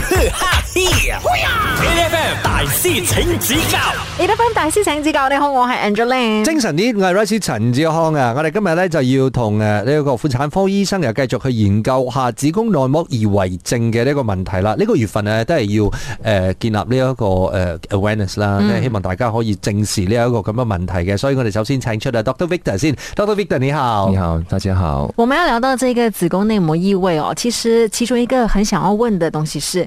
Ant, 大師請指教大師請指教。你好，我係 Angela。精神啲，我係 Rice 陳志康啊。我哋今日咧就要同誒呢一個婦產科醫生又繼續去研究下子宮內膜異位症嘅呢個問題啦。呢、這個月份誒都係要誒、呃、建立呢、這、一個誒、呃、awareness 啦，即係、嗯、希望大家可以正視呢一個咁嘅問題嘅。所以我哋首先請出阿 Dr. Victor 先，Dr. Victor 你好，你好，大家好。我們要聊到呢個子宮內膜異位哦，其實其中一個很想要問嘅東西是。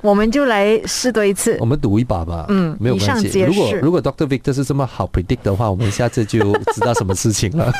我們就來試多一次，我們賭一把吧。嗯，沒有關係。如果如果 Doctor Victor 是這麼好 predict 的話，我們下次就知道什麼事情了。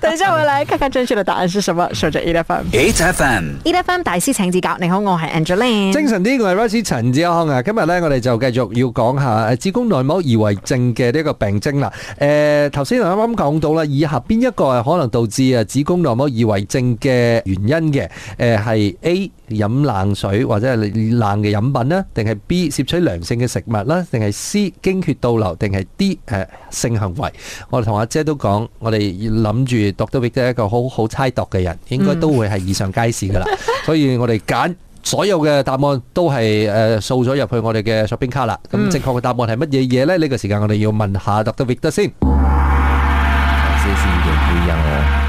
等一下我來看看正確的答案是什麼。說着 8FM，8FM，8FM，大師請指教。你好，我係 Angeline。精神啲嘅係律師陳志康啊。今日咧，我哋就繼續要講下子宮內膜異位症嘅呢個病徵啦。誒、呃，頭先啱啱講到啦，以下邊一個係可能導致誒子宮內膜異位症嘅原因嘅，誒、呃，係 A 飲冷水或者。係爛嘅飲品啦，定係 B 攝取良性嘅食物啦，定係 C 經血倒流，定係 D 誒性行為？我哋同阿姐都講，我哋諗住 Doctor Victor 一個好好猜度嘅人，應該都會係以上皆是噶啦。所以我哋揀所有嘅答案都係誒掃咗入去我哋嘅 shopping cart 啦。咁正確嘅答案係乜嘢嘢呢？呢個時間我哋要問下 Doctor Victor 先。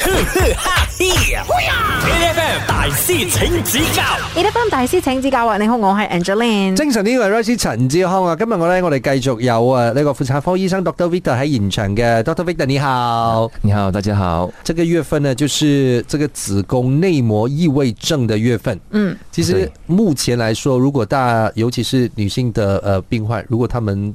哈 大師請指教，A. D. 大師請指教，喂，你好，我係 Angelina 精神呢位律師陳志康啊，今日我咧，我哋繼續有啊呢個婦產科醫生 Doctor Victor 喺現場嘅，Doctor Victor 你好，你好，大家好。這個月份呢，就是這個子宮內膜異位症的月份。嗯，其實目前來說，如果大家，尤其是女性的呃病患，如果他們。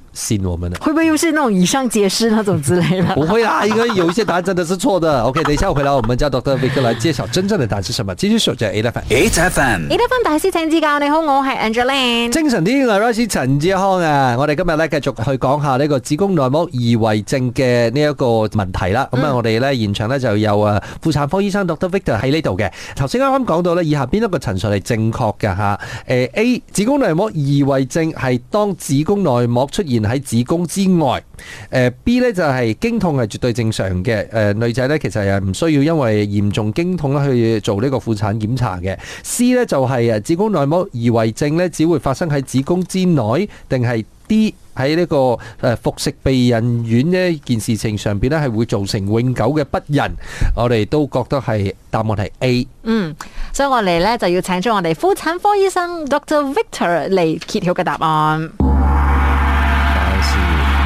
信會不會又是那種以上解釋那種之類唔 不會啊，應該有一些答案真的是錯的。 OK，等一下回啦，我們叫 doctor Victor 來揭曉真正的答案是什麼。蜘蛛小姐 Elephant，Elephant，Elephant 大師，請指教。你好，我係 Angeline，精神啲，係 Rosie 陳志康啊。我哋今日咧繼續去講下呢個子宮內膜異位症嘅呢一個問題啦。咁啊、嗯，我哋咧現場咧就有啊婦產科醫生 doctor Victor 喺呢度嘅。頭先啱啱講到呢，以下邊一個陳述係正確嘅吓。誒，A 子宮內膜異位症係當子宮內膜出現。喺子宮之外，誒 B 呢就係經痛係絕對正常嘅，誒、呃、女仔呢其實係唔需要因為嚴重經痛呢去做呢個婦產檢查嘅。C 呢就係誒子宮內膜異位症呢只會發生喺子宮之內，定係 D 喺呢個誒服食避孕丸呢件事情上邊呢係會造成永久嘅不孕，我哋都覺得係答案係 A。嗯，所以我哋呢就要請出我哋婦產科醫生 Doctor Victor 嚟揭曉嘅答案。